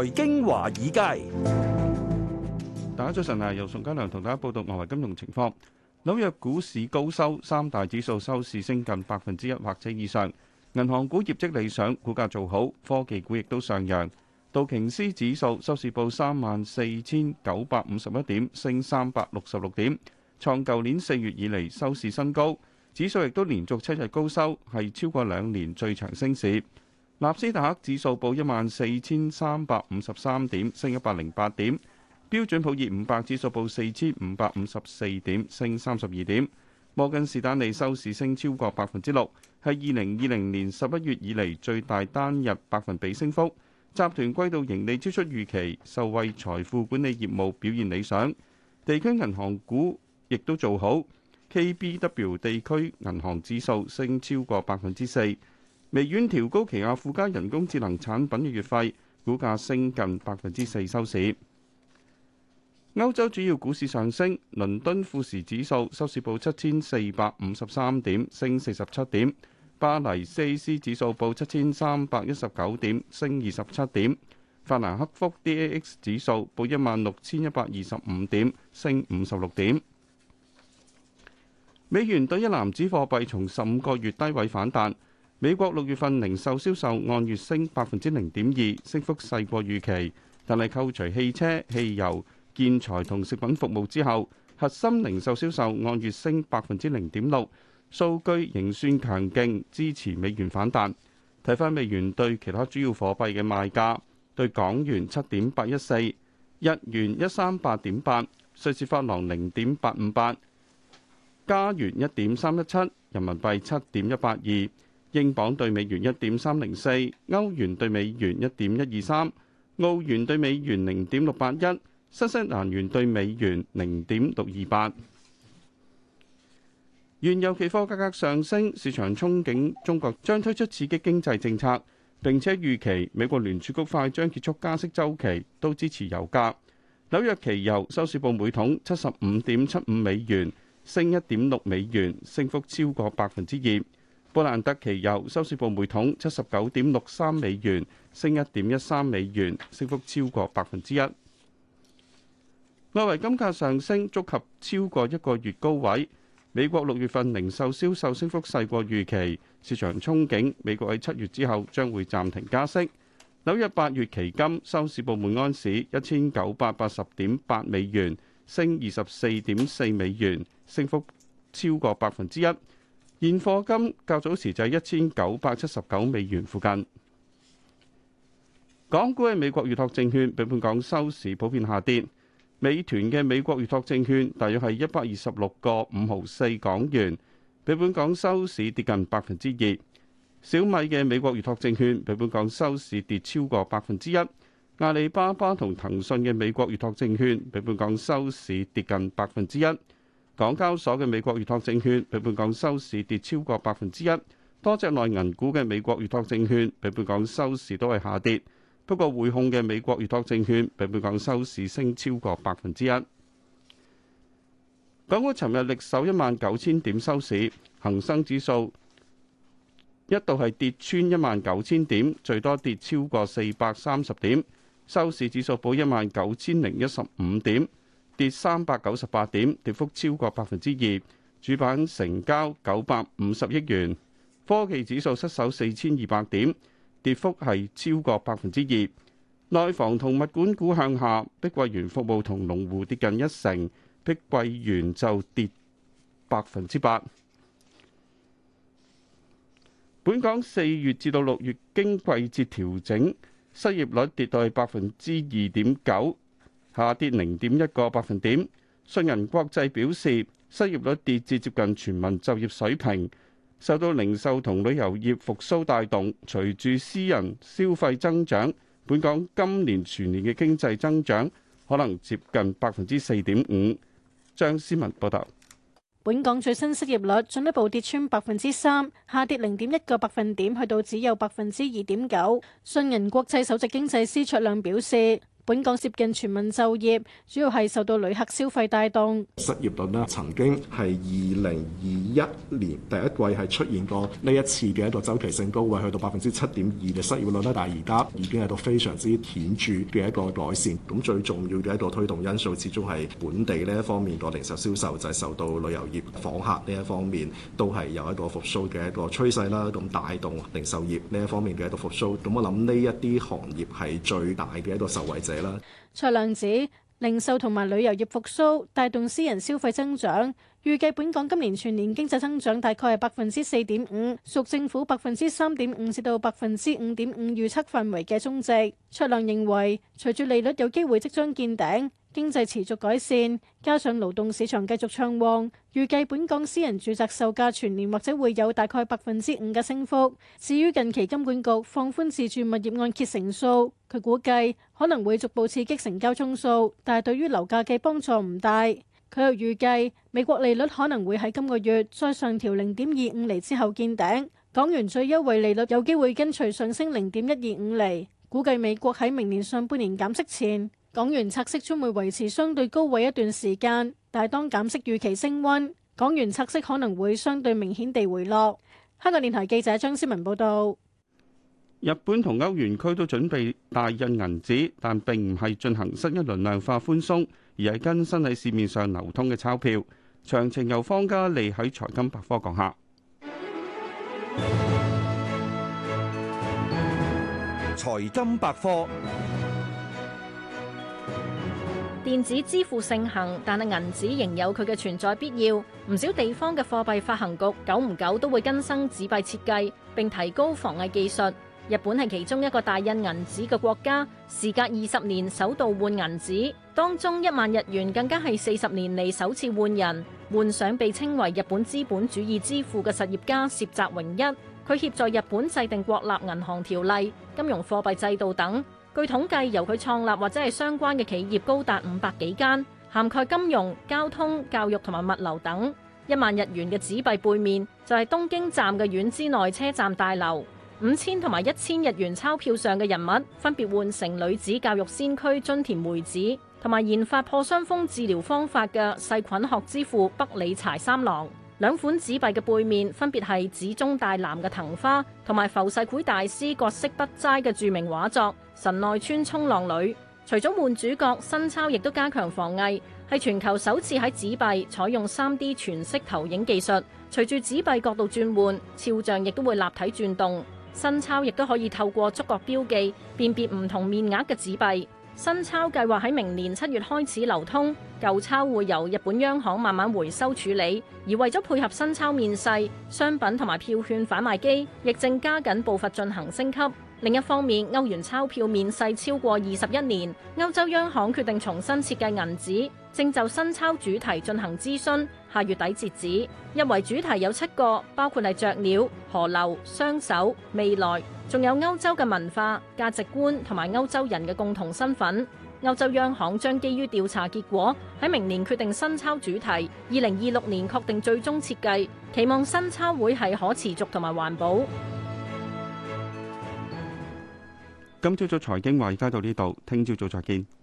財經華爾街，大家早晨啊！由宋家良同大家報道外圍金融情況。紐約股市高收，三大指數收市升近百分之一或者以上。銀行股業績理想，股價做好，科技股亦都上揚。道瓊斯指數收市報三萬四千九百五十一點，升三百六十六點，創舊年四月以嚟收市新高。指數亦都連續七日高收，係超過兩年最長升市。納斯達克指數報一萬四千三百五十三點，升一百零八點。標準普爾五百指數報四千五百五十四點，升三十二點。摩根士丹利收市升超過百分之六，係二零二零年十一月以嚟最大單日百分比升幅。集團季度盈利超出預期，受惠財富管理業務表現理想。地區銀行股亦都做好，KBW 地區銀行指數升超過百分之四。微軟調高旗下附加人工智能產品嘅月費，股價升近百分之四收市。歐洲主要股市上升，倫敦富時指數收市報七千四百五十三點，升四十七點；巴黎 CAC 指數報七千三百一十九點，升二十七點；法蘭克福 DAX 指數報一萬六千一百二十五點，升五十六點。美元兌一籃子貨幣從十五個月低位反彈。美國六月份零售銷售，銷售按月升百分之零點二，升幅細過預期。但係扣除汽車、汽油、建材同食品服務之後，核心零售銷售，銷售，銷售按月升百分之零點六，數據仍算強勁，支持美元反彈。睇翻美元對其他主要貨幣嘅賣價，對港元七點八一四，日元一三八點八，瑞士法郎零點八五八，加元一點三一七，人民幣七點一八二。英鎊對美元一點三零四，歐元對美元一點一二三，澳元對美元零點六八一，新西蘭元對美元零點六二八。原油期貨價格上升，市場憧憬中國將推出刺激經濟政策，並且預期美國聯儲局快將結束加息周期，都支持油價。紐約期油收市報每桶七十五點七五美元，升一點六美元，升幅超過百分之二。布蘭特期油收市報每桶七十九點六三美元，升一點一三美元，升幅超過百分之一。外圍金價上升，觸及超過一個月高位。美國六月份零售銷售,銷售升幅細過預期，市場憧憬美國喺七月之後將會暫停加息。紐約八月期金收市報每安士一千九百八十點八美元，升二十四點四美元，升幅超過百分之一。現貨金較早時就喺一千九百七十九美元附近。港股嘅美國預託證券比本港收市普遍下跌。美團嘅美國預託證券大約係一百二十六個五毫四港元，比本港收市跌近百分之二。小米嘅美國預託證券比本港收市跌超過百分之一。阿里巴巴同騰訊嘅美國預託證券比本港收市跌近百分之一。港交所嘅美國預託證券比本港收市跌超過百分之一，多隻內銀股嘅美國預託證券比本港收市都係下跌，不過匯控嘅美國預託證券比本港收市升超過百分之一。港股尋日力守一萬九千點收市，恒生指數一度係跌穿一萬九千點，最多跌超過四百三十點，收市指數報一萬九千零一十五點。跌三百九十八點，跌幅超過百分之二。主板成交九百五十億元。科技指數失守四千二百點，跌幅係超過百分之二。內房同物管股向下，碧桂園服務同龍湖跌近一成，碧桂園就跌百分之八。本港四月至到六月經季節調整，失業率跌到係百分之二點九。下跌零點一個百分點。信銀國際表示，失業率跌至接近全民就業水平，受到零售同旅遊業復甦帶動，隨住私人消費增長，本港今年全年嘅經濟增長可能接近百分之四點五。張思文報道，本港最新失業率進一步跌穿百分之三，下跌零點一個百分點，去到只有百分之二點九。信銀國際首席經濟師卓亮表示。本港接近全民就業，主要係受到旅客消費帶動。失業率呢曾經係二零二一年第一季係出現過呢一次嘅一個周期性高位，去到百分之七點二嘅失業率啦。但係而家已經係到非常之顯著嘅一個改善。咁最重要嘅一個推動因素，始終係本地呢一方面個零售銷售就係受到旅遊業訪客呢一方面都係有一個復甦嘅一個趨勢啦，咁帶動零售業呢一方面嘅一個復甦，咁我諗呢一啲行業係最大嘅一個受惠者。卓亮指，零售同埋旅遊業復蘇帶動私人消費增長，預計本港今年全年經濟增長大概係百分之四點五，屬政府百分之三點五至到百分之五點五預測範圍嘅中值。卓亮認為，隨住利率有機會即將見頂，經濟持續改善，加上勞動市場繼續暢旺，預計本港私人住宅售價全年或者會有大概百分之五嘅升幅。至於近期金管局放寬自住物業按揭成數，佢估計可能會逐步刺激成交宗數，但係對於樓價嘅幫助唔大。佢又預計美國利率可能會喺今個月再上調零點二五厘之後見頂，港元最優惠利率有機會跟隨上升零點一二五厘。估計美國喺明年上半年減息前，港元拆息將會維持相對高位一段時間，但當減息預期升溫，港元拆息可能會相對明顯地回落。香港電台記者張思文報道。日本同歐元區都準備大印銀紙，但並唔係進行新一輪量化寬鬆，而係更新喺市面上流通嘅鈔票。詳情由方家利喺財金百科講下。財金百科。電子支付盛行，但係銀紙仍有佢嘅存在必要。唔少地方嘅貨幣發行局久唔久都會更新紙幣設計並提高防偽技術。日本係其中一個大印銀紙嘅國家，時隔二十年首度換銀紙，當中一萬日元更加係四十年嚟首次換人，換上被稱為日本資本主義之父嘅實業家涉澤榮一，佢協助日本制定國立銀行條例、金融貨幣制度等。據統計，由佢創立或者係相關嘅企業高達五百幾間，涵蓋金融、交通、教育同埋物流等。一萬日元嘅紙幣背面就係東京站嘅丸之內車站大樓。五千同埋一千日元鈔票上嘅人物分別換成女子教育先驅津田梅子同埋研發破傷風治療方法嘅細菌學之父北里柴三郎。兩款紙幣嘅背面分別係紫中帶藍嘅藤花，同埋浮世繪大師葛飾北齋嘅著名畫作《神奈川沖浪女》。除咗換主角，新鈔亦都加強防偽，係全球首次喺紙幣採用三 D 全息投影技術。隨住紙幣角度轉換，肖像亦都會立體轉動。新鈔亦都可以透過觸角標記辨別唔同面額嘅紙幣。新鈔計劃喺明年七月開始流通，舊鈔會由日本央行慢慢回收處理。而為咗配合新鈔面世，商品同埋票券販賣機亦正加緊步伐進行升級。另一方面，歐元鈔票面世超過二十一年，歐洲央行決定重新設計銀紙，正就新鈔主題進行諮詢，下月底截止。入圍主題有七個，包括係雀鳥、河流、雙手、未來。仲有歐洲嘅文化價值觀同埋歐洲人嘅共同身份。歐洲央行將基於調查結果喺明年決定新鈔主題，二零二六年確定最終設計，期望新鈔會係可持續同埋環保。今朝早財經話而家到呢度，聽朝早再見。